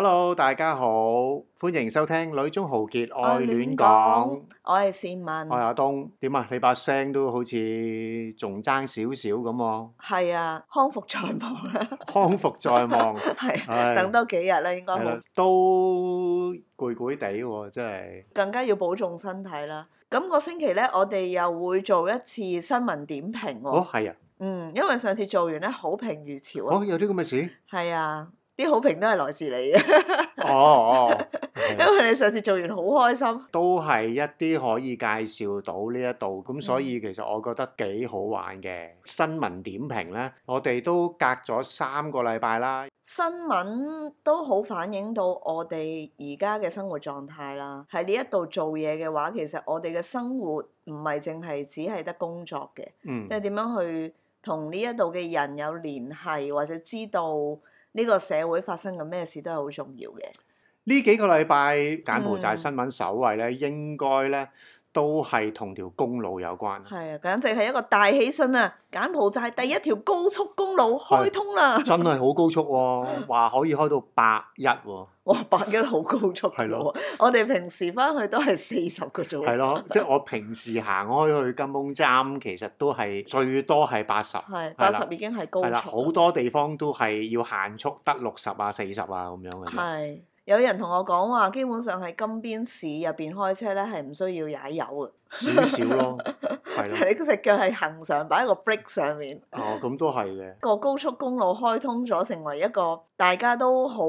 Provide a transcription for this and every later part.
Hello，大家好，歡迎收聽《女中豪傑愛戀講》，我係倩敏，我係阿東。點啊？你把聲都好似仲爭少少咁喎。係啊，康復在望啦。康復在望，係等多幾日咧，應該都攰攰地喎，真係。更加要保重身體啦。咁個星期咧，我哋又會做一次新聞點評喎。哦，係啊。嗯，因為上次做完咧，好評如潮啊。哦，有啲咁嘅事。係啊。啲好評都係來自你嘅，哦哦，因為你上次做完好開心，都係一啲可以介紹到呢一度，咁所以其實我覺得幾好玩嘅、嗯、新聞點評呢，我哋都隔咗三個禮拜啦。新聞都好反映到我哋而家嘅生活狀態啦。喺呢一度做嘢嘅話，其實我哋嘅生活唔係淨係只係得工作嘅，嗯、即係點樣去同呢一度嘅人有聯繫，或者知道，呢個社會發生嘅咩事都係好重要嘅。呢幾個禮拜柬埔寨新聞首位咧，應該咧。都係同條公路有關啊！啊，簡直係一個大喜訊啊！柬埔寨第一條高速公路開通啦！真係好高速喎，啊，話 可以開到八一喎。八一好高速嘅，啊、喎，啊、我哋平時翻去都係四十嘅啫喎。係咯、啊，即係 我平時行開去金峯站，其實都係最多係八十。係八十已經係高速，啦、啊，好多地方都係要限速，得六十啊、四十啊咁樣嘅啫。有人同我講話，基本上喺金邊市入邊開車呢係唔需要踩油嘅，少少咯，係你隻腳係恆常擺喺個 brake 上面。哦，咁都係嘅。個高速公路開通咗，成為一個大家都好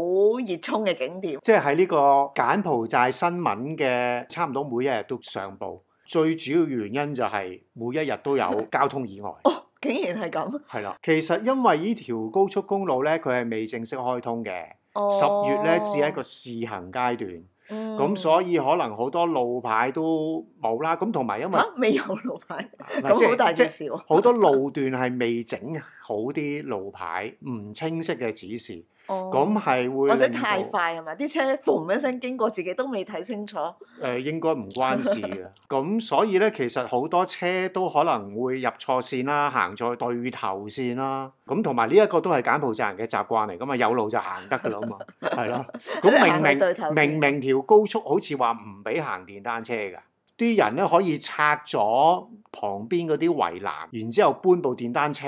熱衷嘅景點。即係喺呢個柬埔寨新聞嘅，差唔多每一日都上報。最主要原因就係每一日都有交通意外。 哦，竟然係咁。係啦，其實因為呢條高速公路呢，佢係未正式開通嘅。十月咧只係一個試行階段，咁、嗯、所以可能好多路牌都冇啦。咁同埋因為未、啊、有路牌，咁好大件事喎、啊。好是 多路段係未整好啲路牌，唔清晰嘅指示。咁係、嗯、會或者太快係嘛？啲車嘣一聲經過，自己都未睇清楚。誒、呃，應該唔關事嘅。咁 所以咧，其實好多車都可能會入錯線啦、啊，行錯對頭線啦、啊。咁同埋呢一個都係柬埔寨人嘅習慣嚟，咁啊有路就行得㗎啦嘛，係咯。 咁明明 明明條高速好似話唔俾行電單車㗎，啲人咧可以拆咗旁邊嗰啲圍欄，然之後搬部電單車，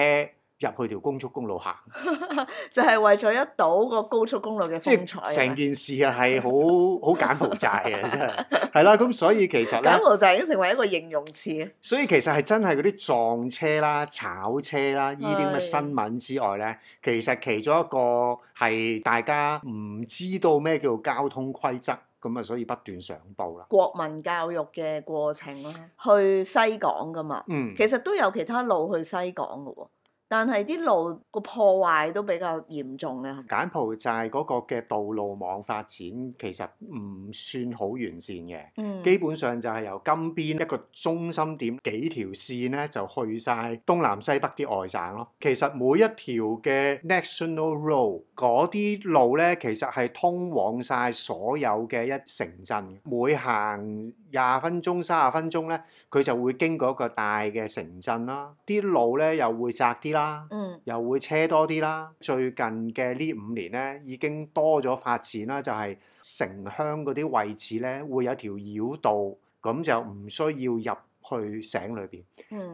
入去條高速公路行， 就係為咗一睹個高速公路嘅精彩。成件事啊，係好好柬埔寨啊，真係係啦。咁 所以其實咧，柬埔寨已經成為一個形容詞。所以其實係真係嗰啲撞車啦、炒車啦呢啲咁嘅新聞之外咧，是其實其中一個係大家唔知道咩叫交通規則，咁啊所以不斷上報啦。國民教育嘅過程啦，去西港噶嘛，嗯、其實都有其他路去西港噶喎。但係啲路個破壞都比較嚴重嘅。柬埔寨嗰個嘅道路網發展其實唔算好完善嘅。嗯，基本上就係由金邊一個中心點，幾條線咧就去晒東南西北啲外省咯。其實每一條嘅 National Road 嗰啲路咧，其實係通往晒所有嘅一城鎮。每行廿分鐘、三十分鐘咧，佢就會經過一個大嘅城鎮啦。啲路咧又會窄啲啦，嗯，又會車多啲啦。最近嘅呢五年咧，已經多咗發展啦，就係城鄉嗰啲位置咧，會有條繞道，咁就唔需要入去省裏邊。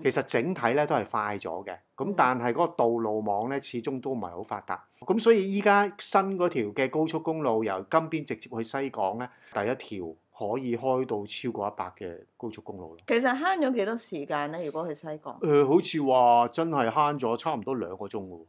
其實整體咧都係快咗嘅，咁但係嗰個道路網咧，始終都唔係好發達。咁所以依家新嗰條嘅高速公路由金邊直接去西港咧，第一條。可以開到超過一百嘅高速公路咯。其實慳咗幾多時間咧？如果去西港？誒、呃，好似話真係慳咗差唔多兩個鐘喎。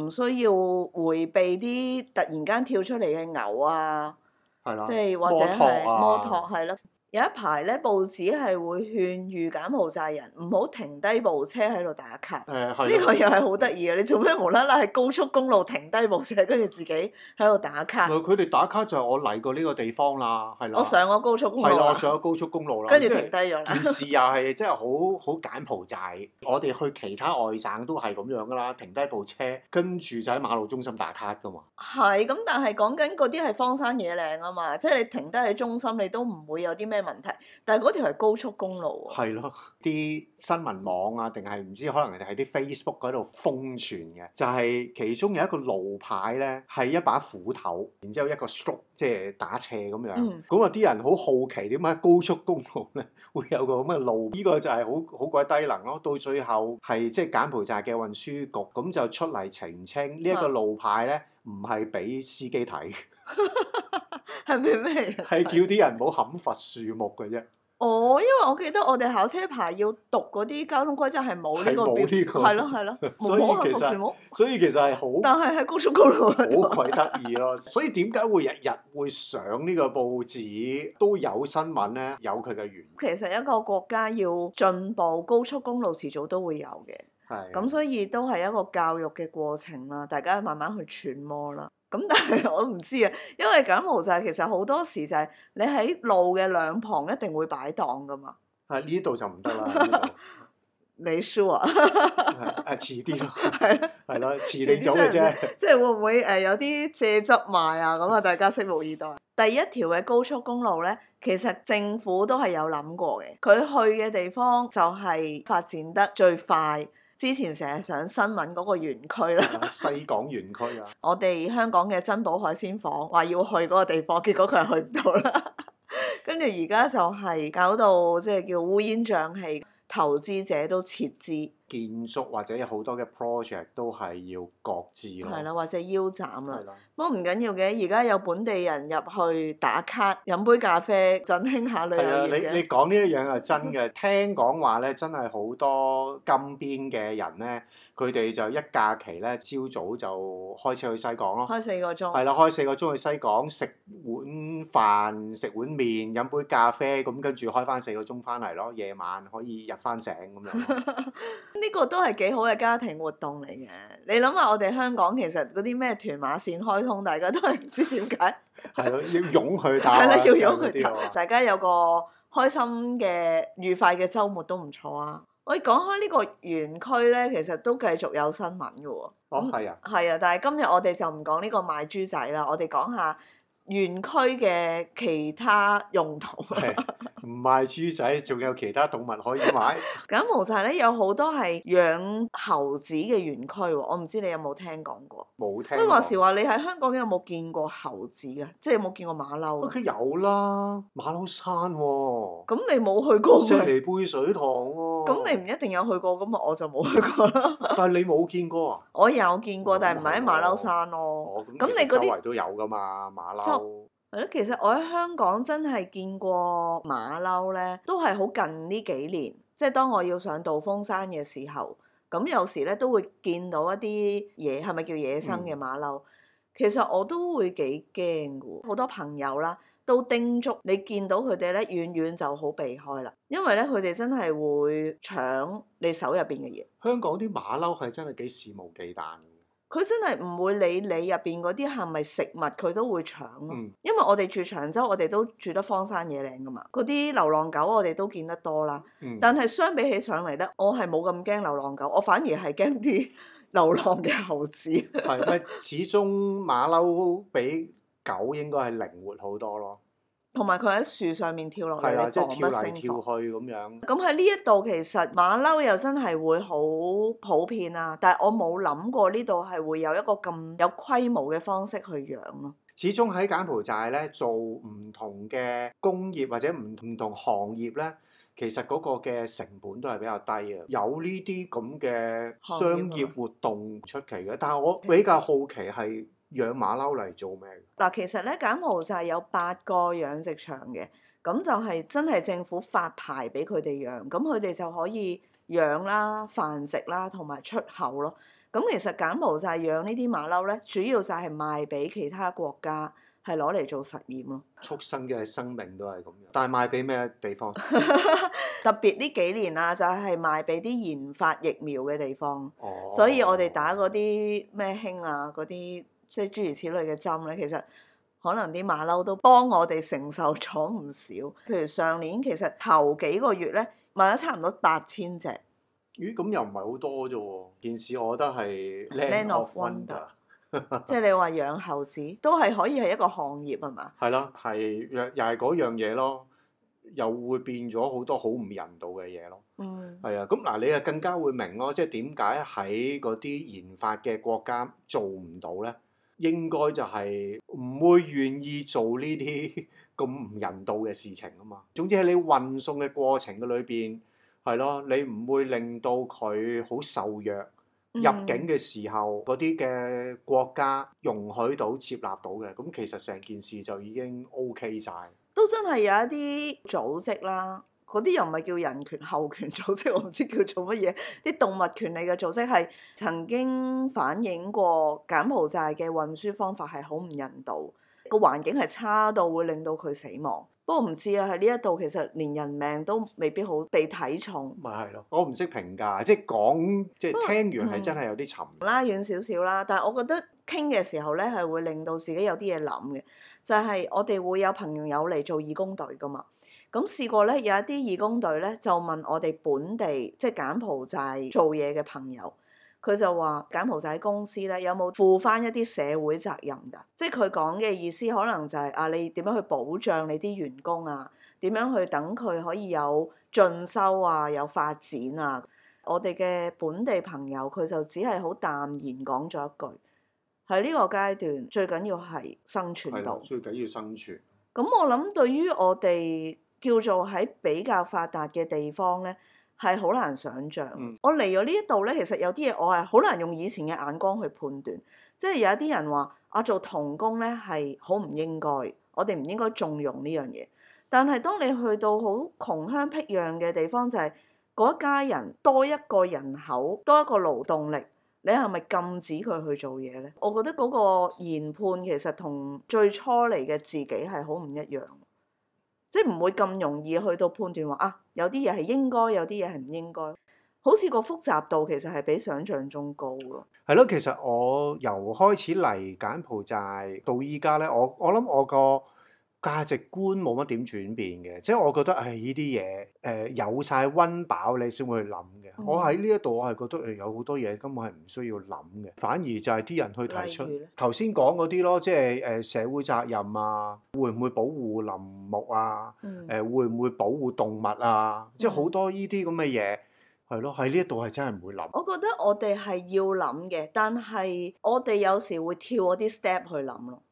唔需要迴避啲突然間跳出嚟嘅牛啊，即係、啊、或者係摩托係、啊、咯。有一排咧，報紙係會勸預柬埔寨人唔好停低部車喺度打卡，呢、欸、個又係好得意嘅。你做咩無啦啦喺高速公路停低部車，跟住自己喺度打卡？佢哋打卡就係我嚟過呢個地方啦，係啦。我上咗高速公路。係啦，我上咗高速公路啦，跟住停低咗啦。就係、 件事又係即係好好柬埔寨，我哋去其他外省都係咁樣㗎啦，停低部車，跟住就喺馬路中心打卡㗎嘛。係咁，但係講緊嗰啲係荒山野嶺啊嘛，即、就、係、是、你停低喺中心，你都唔會有啲咩。咩問題？但係嗰條係高速公路喎。係咯，啲新聞網啊，定係唔知可能係啲 Facebook 嗰度瘋傳嘅，就係、是、其中有一個路牌咧，係一把斧頭，然之後一個 stroke，即係打斜咁樣。咁啊、嗯，啲人好好奇點解高速公路咧會有個咁嘅路？呢、這個就係好好鬼低能咯。到最後係即係柬埔寨嘅運輸局，咁就出嚟澄清呢一個路牌咧，唔係俾司機睇。 係咪咩？係叫啲人唔好砍伐樹木嘅啫。哦，因為我記得我哋考車牌要讀嗰啲交通規則，係冇呢個，係咯係咯，所以其實所以其實係好，但係喺高速公路好鬼得意咯。所以點解會日日會上呢個報紙都有新聞咧？有佢嘅原因。其實一個國家要進步，高速公路遲早都會有嘅。係咁的，所以都係一個教育嘅過程啦。大家要慢慢去揣摩啦。咁但係我唔知啊，因為柬埔寨，其實好多時就係你喺路嘅兩旁一定會擺檔㗎嘛。係呢度就唔得啦。你輸啊！啊，遲啲咯，係咯，係遲定早嘅啫。 即係會唔會誒、呃、有啲蔗汁賣啊？咁啊，大家拭目以待。 第一條嘅高速公路咧，其實政府都係有諗過嘅。佢去嘅地方就係發展得最快。之前成日上新聞嗰個園區啦 ，西港園區啊， 我哋香港嘅珍寶海鮮舫話要去嗰個地方，結果佢係去唔到啦，跟住而家就係搞到即係叫烏煙瘴氣，投資者都撤資。建築或者好多嘅 project 都係要各自咯，係啦，或者腰斬啦。的不過唔緊要嘅，而家有本地人入去打卡，飲杯咖啡，振興下旅遊業嘅。係啊，你你講、嗯、呢一樣係真嘅。聽講話咧，真係好多金邊嘅人咧，佢哋就一假期咧，朝早就開車去西港咯，開四個鐘。係啦，開四個鐘去西港食碗飯、食碗麵、飲杯咖啡，咁跟住開翻四個鐘翻嚟咯。夜晚可以入翻醒咁樣。 呢個都係幾好嘅家庭活動嚟嘅。你諗下，我哋香港其實嗰啲咩屯馬線開通，大家都係唔知點解。係咯， 要擁佢大。係啦， 要擁佢大。 大家有個開心嘅愉快嘅周末都唔錯啊！喂，講開呢個園區咧，其實都繼續有新聞㗎喎。哦，係啊。係啊、嗯，但係今日我哋就唔講呢個賣豬仔啦，我哋講下園區嘅其他用途。唔賣豬仔，仲有其他動物可以買。咁 柬埔寨呢，有好多係養猴子嘅園區喎。我唔知你有冇聽講過。冇聽過。不過話時話你喺香港有冇見過猴子嘅，即係有冇見過馬騮？屋企有啦，馬騮山喎、喔。咁你冇去過？石梨貝水塘喎、喔。咁你唔一定有去過，咁我就冇去過啦。 但係你冇見過啊？我有見過，但係唔係喺馬騮山咯、喔。哦，咁你周圍都有㗎嘛，馬騮。那係咯，其實我喺香港真係見過馬騮咧，都係好近呢幾年。即係當我要上道風山嘅時候，咁有時咧都會見到一啲嘢，係咪叫野生嘅馬騮？嗯、其實我都會幾驚嘅，好多朋友啦都叮囑你見到佢哋咧遠遠就好避開啦，因為咧佢哋真係會搶你手入邊嘅嘢。香港啲馬騮係真係幾肆無忌憚。佢真係唔會理你入邊嗰啲係咪食物，佢都會搶咯、啊。嗯、因為我哋住長洲，我哋都住得荒山野嶺噶嘛，嗰啲流浪狗我哋都見得多啦。嗯、但係相比起上嚟呢，我係冇咁驚流浪狗，我反而係驚啲流浪嘅猴子。係， 咪始終馬騮比狗應該係靈活好多咯。同埋佢喺樹上面跳落去，係啊，即係跳嚟跳去咁樣。咁喺呢一度其實馬騮又真係會好普遍啊，但係我冇諗過呢度係會有一個咁有規模嘅方式去養咯。始終喺柬埔寨咧做唔同嘅工業或者唔唔同行業咧，其實嗰個嘅成本都係比較低嘅。有呢啲咁嘅商業活動出奇嘅，但係我比較好奇係。養馬騮嚟做咩？嗱，其實咧柬埔寨有八個養殖場嘅，咁就係真係政府發牌俾佢哋養，咁佢哋就可以養啦、繁殖啦，同埋出口咯。咁其實柬埔寨養貓貓呢啲馬騮咧，主要就係賣俾其他國家，係攞嚟做實驗咯。畜生嘅生命都係咁樣，但係賣俾咩地方？ 特別呢幾年啊，就係、是、賣俾啲研發疫苗嘅地方。哦，所以我哋打嗰啲咩興啊嗰啲。即係諸如此類嘅針咧，其實可能啲馬騮都幫我哋承受咗唔少。譬如上年，其實頭幾個月咧，賣咗差唔多八千隻。咦？咁又唔係好多啫？件事我覺得係。Land Man of wonder，即係你話養猴子 都係可以係一個行業吖嘛？係啦，係、啊、又係嗰樣嘢咯，又會變咗好多好唔人道嘅嘢咯。嗯，係啊。咁嗱，你係更加會明咯，即係點解喺嗰啲研發嘅國家做唔到咧？應該就係唔會願意做呢啲咁唔人道嘅事情啊嘛。總之喺你運送嘅過程嘅裏邊，係咯，你唔會令到佢好受虐。嗯、入境嘅時候，嗰啲嘅國家容許到接納到嘅，咁其實成件事就已經 OK 晒。都真係有一啲組織啦。嗰啲又唔係叫人權候權組織，我唔知叫做乜嘢。啲 動物權利嘅組織係曾經反映過柬埔寨嘅運輸方法係好唔人道，個環境係差到會令到佢死亡。不過唔知啊，喺呢一度其實連人命都未必好被睇重。咪係咯，我唔識評價，即係講，即係聽完係真係有啲沉。拉、嗯嗯、遠少少啦，但係我覺得傾嘅時候咧係會令到自己有啲嘢諗嘅，就係、是、我哋會有朋友嚟做義工隊噶嘛。咁試過咧，有一啲義工隊咧，就問我哋本地即係柬埔寨做嘢嘅朋友，佢就話：柬埔寨公司咧有冇負翻一啲社會責任㗎？即係佢講嘅意思，可能就係、是、啊，你點樣去保障你啲員工啊？點樣去等佢可以有進修啊、有發展啊？我哋嘅本地朋友，佢就只係好淡然講咗一句：喺呢個階段，最緊要係生存到，最緊要生存。咁我諗對於我哋。叫做喺比較發達嘅地方咧，係好難想像。嗯、我嚟咗呢一度咧，其實有啲嘢我係好難用以前嘅眼光去判斷。即係有一啲人話：我做童工咧係好唔應該，我哋唔應該縱容呢樣嘢。但係當你去到好窮鄉僻壤嘅地方，就係嗰一家人多一個人口，多一個勞動力，你係咪禁止佢去做嘢咧？我覺得嗰個研判其實同最初嚟嘅自己係好唔一樣。即係唔會咁容易去到判斷話啊，有啲嘢係應該，有啲嘢係唔應該。好似個複雜度其實係比想像中高咯。係咯，其實我由開始嚟柬埔寨到依家咧，我我諗我個價值觀冇乜點轉變嘅，即係我覺得係呢啲嘢，誒、哎呃、有晒溫飽你先會去諗嘅。嗯、我喺呢一度我係覺得誒、哎、有好多嘢根本係唔需要諗嘅，反而就係啲人去提出頭先講嗰啲咯，即係誒社會責任啊，會唔會保護林木啊？誒、嗯、會唔會保護動物啊？嗯、即係好多呢啲咁嘅嘢係咯，喺呢一度係真係唔會諗。我覺得我哋係要諗嘅，但係我哋有時會跳嗰啲 step 去諗咯。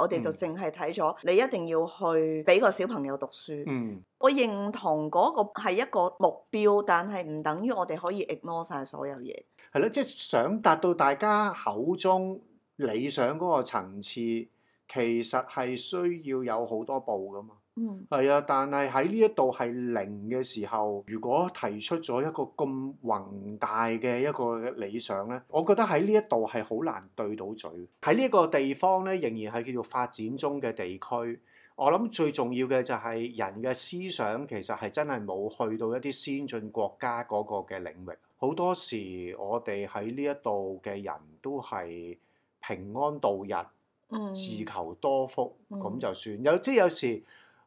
我哋就淨係睇咗，你一定要去俾個小朋友讀書。嗯，我認同嗰個係一個目標，但係唔等於我哋可以 ignore 晒所有嘢。係咯，即係想達到大家口中理想嗰個層次，其實係需要有好多步噶嘛。嗯，係啊，但係喺呢一度係零嘅時候，如果提出咗一個咁宏大嘅一個理想呢，我覺得喺呢一度係好難對到嘴。喺呢個地方呢，仍然係叫做發展中嘅地區。我諗最重要嘅就係人嘅思想其實係真係冇去到一啲先進國家嗰個嘅領域。好多時我哋喺呢一度嘅人都係平安度日，自求多福咁、嗯嗯、就算。有，即有時。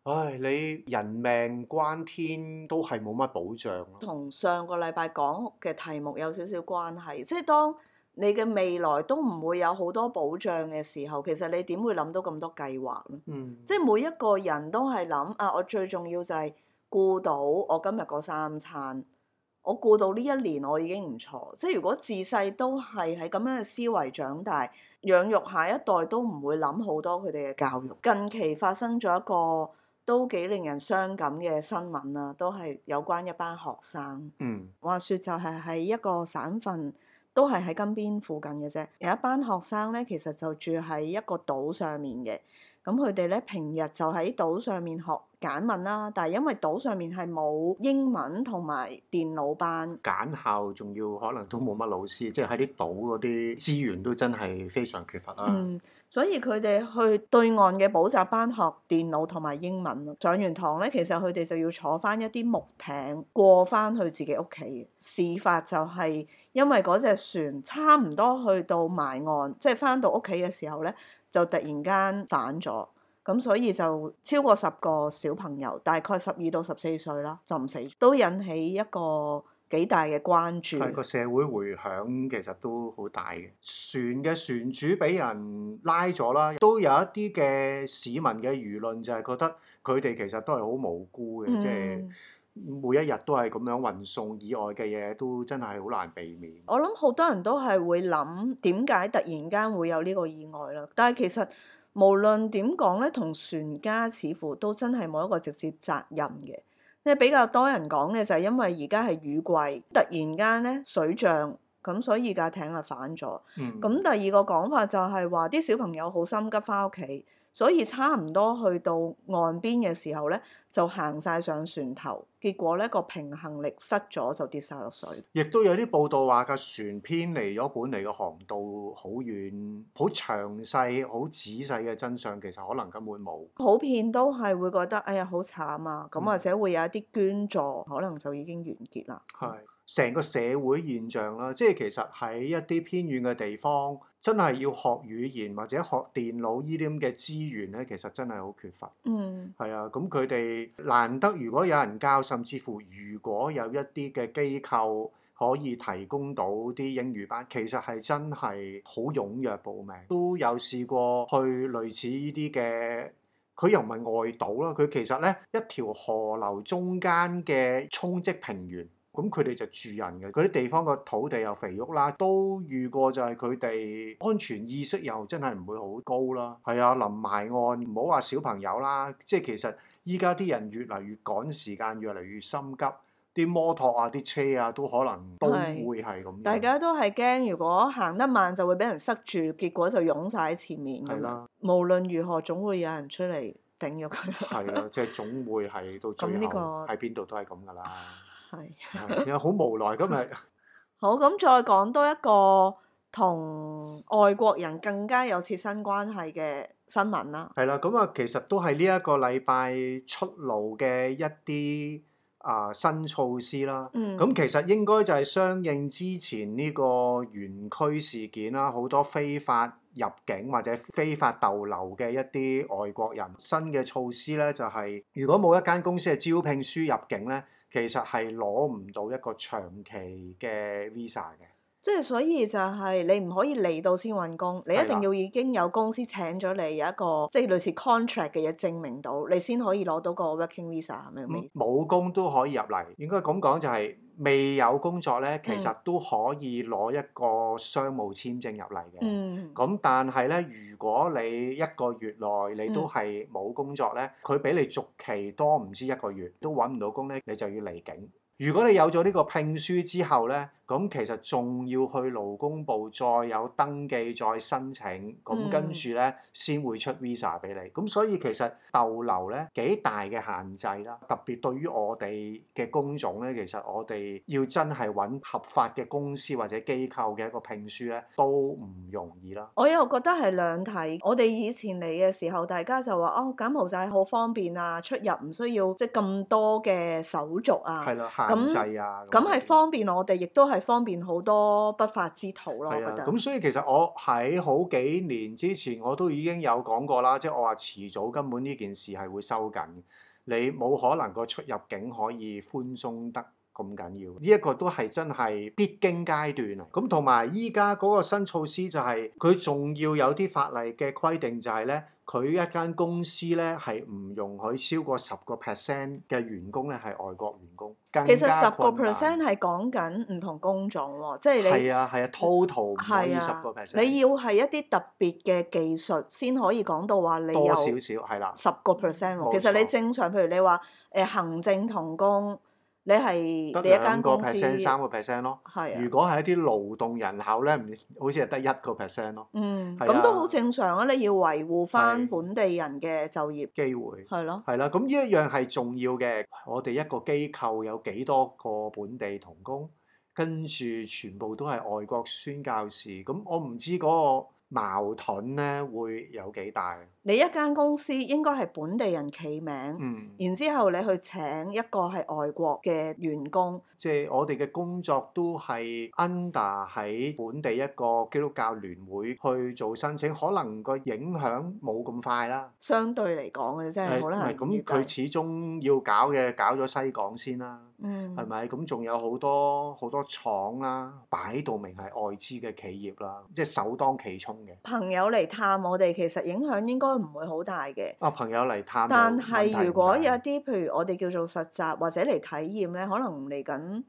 唉，你人命關天都係冇乜保障咯。同上個禮拜講嘅題目有少少關係，即係當你嘅未來都唔會有好多保障嘅時候，其實你點會諗到咁多計劃咧？嗯，即係每一個人都係諗啊，我最重要就係顧到我今日嗰三餐，我顧到呢一年我已經唔錯。即係如果自細都係喺咁樣嘅思維長大，養育下一代都唔會諗好多佢哋嘅教育。近期發生咗一個都幾令人傷感嘅新聞啊，都係有關一班學生。嗯，話説就係喺一個省份，都係喺金邊附近嘅啫。有一班學生咧，其實就住喺一個島上面嘅，咁佢哋咧，平日就喺島上面學。簡文啦、啊，但係因為島上面係冇英文同埋電腦班，簡校仲要可能都冇乜老師，即係喺啲島嗰啲資源都真係非常缺乏啦、啊。嗯，所以佢哋去對岸嘅補習班學電腦同埋英文。上完堂咧，其實佢哋就要坐翻一啲木艇過翻去自己屋企。事發就係因為嗰隻船差唔多去到埋岸，即係翻到屋企嘅時候咧，就突然間反咗。咁所以就超過十個小朋友，大概十二到十四歲啦，浸死都引起一個幾大嘅關注。係個社會回響其實都好大嘅。船嘅船主俾人拉咗啦，都有一啲嘅市民嘅輿論就係覺得佢哋其實都係好無辜嘅，即係、嗯、每一日都係咁樣運送以外嘅嘢，都真係好難避免。我諗好多人都係會諗點解突然間會有呢個意外啦，但係其實。無論點講咧，同船家似乎都真係冇一個直接責任嘅。即係比較多人講嘅就係因為而家係雨季，突然間咧水漲咁，所以架艇就翻咗。咁、嗯、第二個講法就係話啲小朋友好心急翻屋企。所以差唔多去到岸邊嘅時候咧，就行晒上船頭，結果咧個平衡力失咗，就跌晒落水。亦都有啲報道話，個船偏離咗本嚟嘅航道，好遠，好詳細、好仔細嘅真相，其實可能根本冇。普遍都係會覺得，哎呀好慘啊！咁或者會有一啲捐助，嗯、可能就已經完結啦。係成是、嗯、個社會現象啦，即係其實喺一啲偏遠嘅地方。真係要學語言或者學電腦呢啲咁嘅資源咧，其實真係好缺乏。嗯、mm.，係啊，咁佢哋難得如果有人教，甚至乎如果有一啲嘅機構可以提供到啲英語班，其實係真係好踴躍報名。都有試過去類似呢啲嘅，佢又唔係外島啦，佢其實咧一條河流中間嘅沖積平原。咁佢哋就住人嘅，嗰啲地方個土地又肥沃啦，都遇過就係佢哋安全意識又真係唔會好高啦。係啊，臨埋岸唔好話小朋友啦，即係其實依家啲人越嚟越趕時間，越嚟越心急，啲摩托啊、啲車啊都可能是都會係咁。大家都係驚，如果行得慢就會俾人塞住，結果就擁晒喺前面㗎、啊。無論如何，總會有人出嚟頂咗佢。係啦、啊， 即係總會係到最後喺邊度都係咁㗎啦。係，又好無奈咁咪。今日 好咁，再講多一個同外國人更加有切身關係嘅新聞啦。係啦，咁啊，其實都係呢一個禮拜出爐嘅一啲啊新措施啦。嗯，咁其實應該就係相應之前呢個園區事件啦，好多非法入境或者非法逗留嘅一啲外國人，新嘅措施咧就係、是、如果冇一間公司嘅招聘輸入境咧。其實係攞唔到一個長期嘅 visa 嘅。即係所以就係你唔可以嚟到先揾工，你一定要已經有公司請咗你，有一個即係、就是、類似 contract 嘅嘢證明到，你先可以攞到個 working visa 係咪？冇、嗯、工都可以入嚟，應該咁講就係、是、未有工作咧，其實都可以攞一個商務簽證入嚟嘅。咁、嗯、但係咧，如果你一個月內你都係冇工作咧，佢俾你續期多唔知一個月都揾唔到工咧，你就要離境。如果你有咗呢個聘書之後咧，咁其實仲要去勞工部再有登記再申請，咁跟住咧先會出 visa 俾你。咁所以其實逗留咧幾大嘅限制啦，特別對於我哋嘅工種咧，其實我哋要真係揾合法嘅公司或者機構嘅一個聘書咧，都唔容易啦。我又覺得係兩睇。我哋以前嚟嘅時候，大家就話哦，柬埔寨好方便啊，出入唔需要即係咁多嘅手續啊，係啦，限制啊。咁係方便我哋，亦都係。方便好多不法之徒咯，係啊，我覺得，咁所以其實我喺好幾年之前我都已經有講過啦，即係我話遲早根本呢件事係會收緊，你冇可能個出入境可以寬鬆得。咁緊要，呢、這、一個都係真係必經階段啊！咁同埋依家嗰個新措施就係、是，佢仲要有啲法例嘅規定、就是，就係咧，佢一間公司咧係唔容許超過十個 percent 嘅員工咧係外國員工。其實十個 percent 係講緊唔同工種喎，即係你係啊係啊，total 唔可以十個 percent。你要係一啲特別嘅技術先可以講到話你有多少少係啦，十個 percent。其實你正常，錯譬如你話誒行政同工。你係你一間公司，兩個 percent 三個 percent 咯。係、啊，如果係一啲勞動人口咧，唔好似係得一個 percent 咯。嗯，咁、啊、都好正常啊！你要維護翻本地人嘅就業機會，係咯，係啦、啊。咁呢一樣係重要嘅。我哋一個機構有幾多個本地同工，跟住全部都係外國宣教士。咁我唔知嗰、那個。矛盾呢會有幾大？你一間公司應該係本地人起名，嗯、然之後你去請一個係外國嘅員工，即係我哋嘅工作都係 under 喺本地一個基督教聯會去做申請，可能個影響冇咁快啦。相對嚟講嘅，真係我覺得咁。佢、嗯、始終要搞嘅，搞咗西港先啦。嗯，係咪咁？仲有好多好多廠啦，擺到明係外資嘅企業啦，即係首當其衝嘅。朋友嚟探我哋，其實影響應該唔會好大嘅。啊，朋友嚟探，但係是 如果有啲譬如我哋叫做實習或者嚟體驗咧，可能嚟緊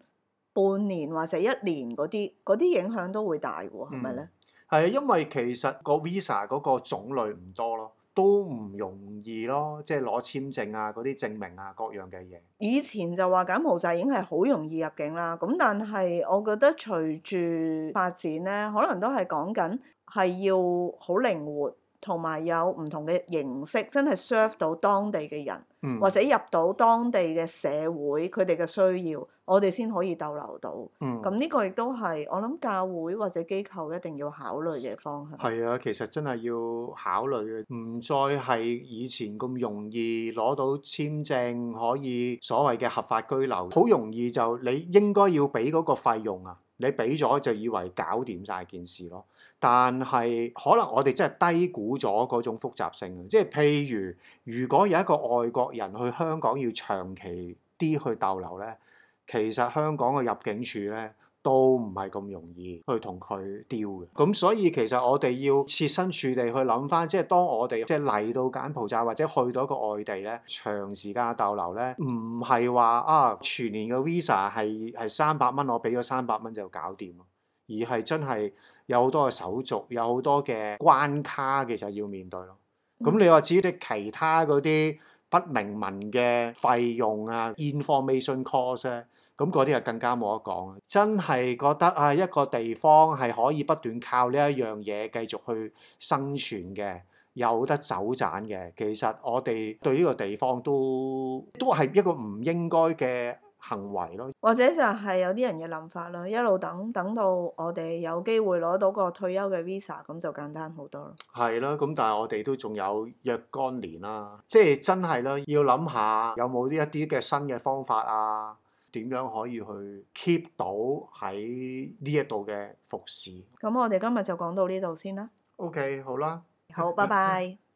半年或者一年嗰啲，嗰啲影響都會大喎，係咪咧？係啊，因為其實個 Visa 嗰個種類唔多咯。都唔容易咯，即係攞簽證啊，嗰啲證明啊，各樣嘅嘢。以前就話柬埔寨已經係好容易入境啦，咁但係我覺得隨住發展呢，可能都係講緊係要好靈活，同埋有唔同嘅形式，真係 serve 到當地嘅人，嗯、或者入到當地嘅社會，佢哋嘅需要。我哋先可以逗留到，嗯、咁呢個亦都係我諗教會或者機構一定要考慮嘅方向。係啊，其實真係要考慮，唔再係以前咁容易攞到簽證可以所謂嘅合法居留，好容易就你應該要俾嗰個費用啊，你俾咗就以為搞掂晒件事咯。但係可能我哋真係低估咗嗰種複雜性啊！即係譬如，如果有一個外國人去香港要長期啲去逗留咧。其實香港嘅入境處咧都唔係咁容易去同佢丟嘅，咁所以其實我哋要設身處地去諗翻，即係當我哋即係嚟到柬埔寨或者去到一個外地咧，長時間逗留咧，唔係話啊全年嘅 visa 係係三百蚊，我俾咗三百蚊就搞掂咯，而係真係有好多嘅手續，有好多嘅關卡其實要面對咯。咁、嗯、你話至於啲其他嗰啲不明文嘅費用啊，information cost 咧？咁嗰啲就更加冇得講，真係覺得啊，一個地方係可以不斷靠呢一樣嘢繼續去生存嘅，有得走盞嘅。其實我哋對呢個地方都都係一個唔應該嘅行為咯。或者就係有啲人嘅諗法啦，一路等等到我哋有機會攞到個退休嘅 Visa，咁就簡單好多咯。係啦，咁但係我哋都仲有若干年啦，即係真係咯，要諗下有冇呢一啲嘅新嘅方法啊。點樣可以去 keep 到喺呢一度嘅服侍？噉我哋今日就講到呢度先啦。OK，好啦，好，拜拜。